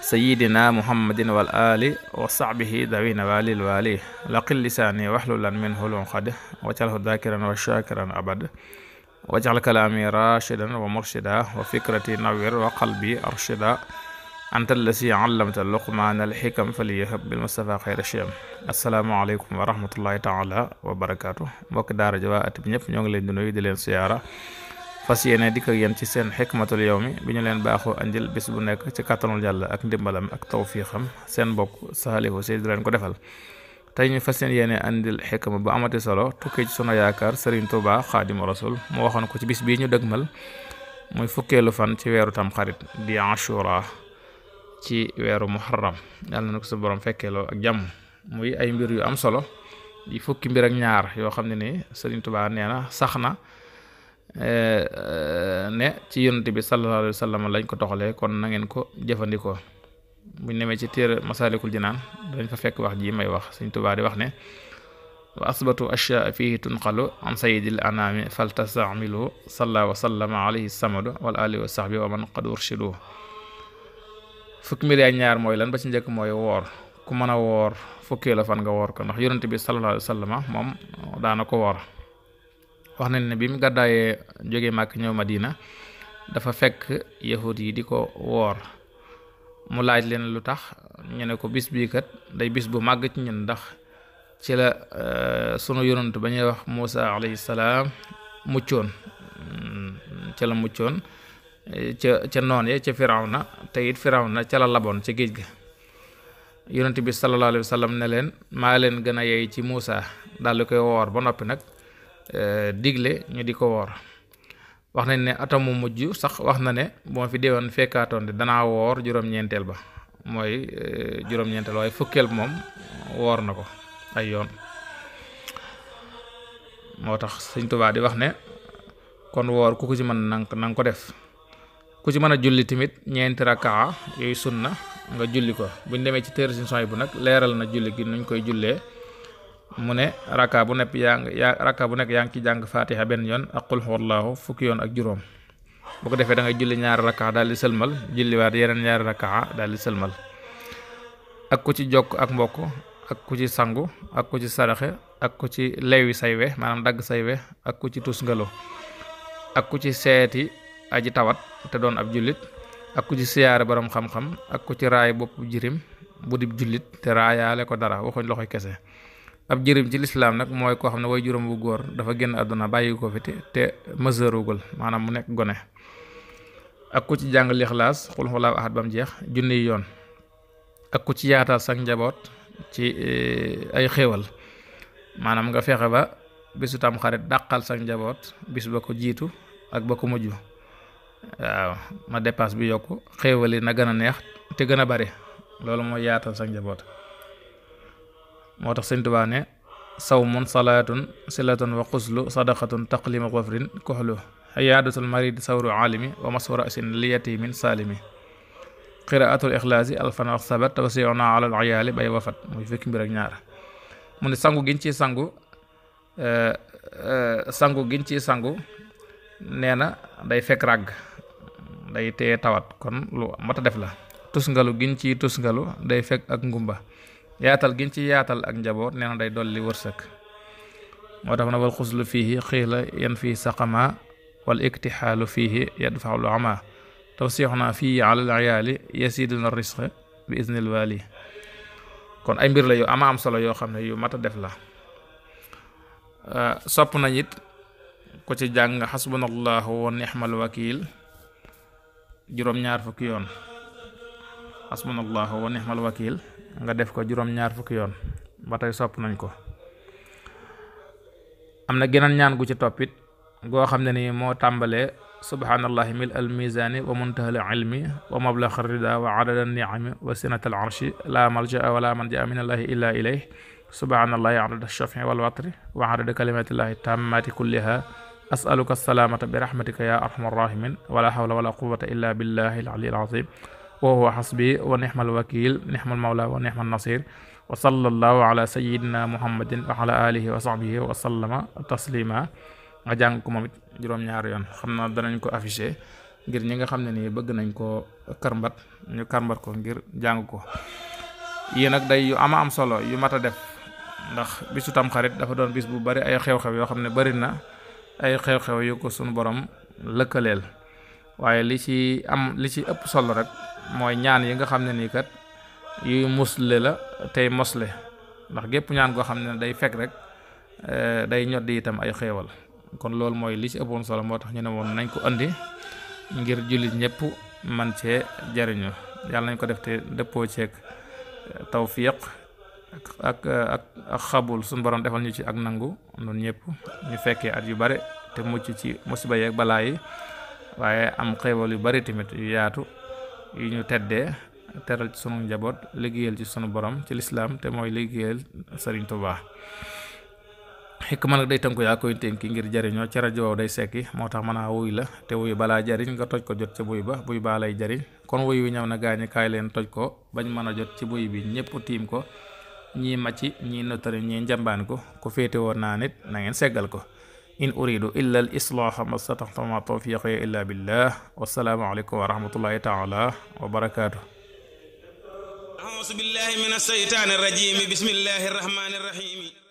sayidina muhammadin wal ali wa sahbihi dawina walil wali laqil lisaani waxlulan min hulun xad wacalhu dakiran wa shakiran abad wacal kalaami rashidan wa murshida wa fikrati nawir wa qalbi arshida anta allasi allamta luqmaan alxikam faliyahab bilmustafa xayra shiyam asalaamaaleykum wa rahmatullahi taala wa barakaatu mbokki daara ji waa at bi ñëpp ñoo ngi leen di nuyu di leen siyaara fas yéene dikk ak ci seen xikmatul yawmi bi ñu leen baaxoo andil bis bu nekk ci kàttanul yàlla ak ndimbalam ak tawfiixam seen mbokk Saliou Sy di leen ko defal tey ñu fas seen yéene andil xikma bu amati solo tukkee ci sunu yaakaar Serigne Touba Xaadimu Rasul mu waxoon ko ci bis bii ñu dëgmal muy fukkeelu fan ci weeru tam xarit di Ashura ci weeru muharram yàlla na ko su borom fekkeeloo ak jàmm muy ay mbir yu am solo yi fukki mbir ak ñaar yoo xam ne ni Serigne Touba nee na sax na Eh, eh, ne ci yonante bi sallallahu alayhi wa lañ ko toxalee kon nangeen ko jëfandikoo buñ nemee ci téere masaalikul jinaan dañ fa fekk wax ji may wax Sëñ Tuubaa di wax ne wa asbatu ashyaa fihi tunqalu an sayidil anaami faltastamilu salla wa sallama alayhi samadu wal alihi wa sahbi wa man qad urshidu fukki mbir yaa ñaar mooy lan ba ci njëkk mooy woor ku mën a woor fukkee la fan nga woor ko ndax yonante bi sallallahu alayhi moom daana woor wax nañ ne bi mu gàddaayee jóge màkk ñëw Madina dafa fekk yahut yi di ko woor mu laaj leen lu tax ñu ne ko bis bii kat day bis bu màgg ci ñun ndax ci la euh, sunu yonent ba ñuy wax Muusa alayhi salaam muccoon mm, ca la muccoon euh, ca ca noon ya ca Firawna te it na ca la laboon ca géej ga yonent bi sallallahu alayhi wa sallam ne leen maa leen gën a yey ci Muusa daal di koy woor ba noppi nag Eh, digle ñu di ko woor wax nañ ne atamu mujj sax wax na ne bu ma fi deewoon fekkaatoon de danaa woor juróom-ñeenteel ba mooy eh, juróom-ñeenteel waaye fukkeel moom woor na ko ay yoon moo tax sëñ Tuubaa di wax ne kon woor ku ko ci mën na nga ko def ku ci mën a julli tamit ñeenti rakaa yooyu na nga julli ko buñ demee ci téere Sëñ bu nag leeral na julli gi nuñ koy jullee mu ne rakka bu nekk yaa ngi bu nekk yaa ngi ci jàng fatiha benn yoon ak qul huwallahu fukki yoon ak juróom boo ko defee dangay ngay julli ñaari rakka daal di sëlmal julliwaat yeneen ñaari rakka daal di sëlmal ak ku ci jokk ak mbokk ak ku ci sangu ak ku ci saraxe ak ku ci lewi say we maanaam dagg say we ak ku ci tus ngalo ak ku ci seeti aji tawat te doon ab jullit ak ku ci siyaare borom xam-xam ak ku ci raay bopp jirim bu dib jullit te raayaale ko dara waxuñ loxoy kese ab jërim ci lislaam nag mooy koo xam ne way juróom bu góor dafa génn àdduna bàyyi ko fi te te mësërugul maanaam mu nekk gone ak ku ci jàng lixlaas xul xulaaw ahad bam jeex junniy yoon ak ku ci yaataas ak njaboot ci eh, ay xéewal maanaam nga fexe ba bisu tam xarit dàqal sa njaboot bis ba ko jiitu ak ba ko mujj waaw ma dépasse bi yokk xéewali na gën a neex te gën a bari loolu mooy yaatal sa njaboot moo tax sëñ Tuubaa ne sawmun salaatun silatun wa xuslu sadaqatun taqlimu xafrin koxlu xiyaadatul marid sawru aalimi wa maswara asin liyatimin saalimi qiraatul ixlaasi alfanax sabat tawasiuna alal ayaali bay wafat muy fukki mbir ak ñaar mu ne sangu giñ ci sangu eh, eh, sangu giñ ci sangu nee na day fekk ràgg day teye tawat kon lu def la tusngalu giñ ci tusngalu day fekk ak ngumba yaatal giñ ci yaatal ak njaboot nee na day dolli wërsëg moo tax na wal xuslu fiihi xiila yan fii saqama wal iktixaalu fiihi yadfaul ama tawsixna fii alal ayaali yasiduna risqe mbir la yu ama am solo yoo xam ne yu mat a def la ah, sopp na it ku ci jàng xasbunallahu wa nixmal wakiil juróom-ñaar fukki yoon xasbunallahu wa nixmal wakiil nga def ko juróom-ñaar fukki yoon ba sopp nañ ko am na geneen ñaan gu ci toppit goo xam ne ni moo tàmbalee subhaanallahi mil al mizaani wa muntahal ilmi wa mablax rida wa adada niami wa sinat al arshi la malja wala manja minallahi illa ilayh subhaanallahi adada shafi wal watri wa adada kalimatillahi tammati kulliha asaluka salaamata bi rahmatika ya arhamar rahimin wala hawla wala quwwata illa billahi al ali wa huwa xasbi wa nixmal wakiil nixmal mawla wa nixmal nasir wa sallallahu ala sayidina muhammadin wa ala alihi wa sahbihi wa sallama taslima nga jàng ko moom it juróom-ñaar yoon xam naa danañ ko affiché ngir ñi nga xam ne nii bëgg nañ ko karmbat ñu karmbat ko ngir jàng ko yii nag day yu ama am solo yu mat a def ndax bisu tamxarit dafa doon bis bu bari ay xew-xew yoo xam ne bari na ay xew-xew yu ko sunu borom lëkkaleel waaye li ci am li ci ëpp solo rek mooy ñaan yi nga xam ne nii kat yuy musle la tey mosle ndax gépp ñaan goo xam ne day fekk rek eh, day ñoddi itam ay xéewal kon loolu mooy li ci ëppoon solo moo tax ñu ne woon nañ ko andi ngir jullit ñëpp man cee jariñu yàlla nañ ko def te dëppoo ceeg tawfiq ak ak ak xabul suñu borom defal ñu ci ak nangu noonu ñëpp ñu fekkee at yu bare te mucc ci musiba yeeg balaa yi waaye am xéewal yu bari tamit yu yaatu yu ñu teddee teral ci sunu njaboot liggéeyal ci sunu borom ci lislaam te mooy liggéeyal Sëriñ xekk xikma nag day tënku yaa koy tënki ngir jariñoo ci rajo day sekki moo tax mën a wuy la te wuy balaa jariñ nga toj ko jot ca buy ba buy baa lay jariñ kon wuy wi ñëw na gaañi kaay leen toj ko bañ mën a jot ci buy bi ñëpp tiim ko ñii macci ñii notari ñii njambaan ko ku féete woon naa nit nangeen ngeen seggal ko in uridu illa al islaaha ma stataxta ma tawfiqi illa billah wassalaamu aleykum wa rahmatullahi taala wa barakaatu ausu billahi min alseytaani arrajim bismillahi arrahmani arrahim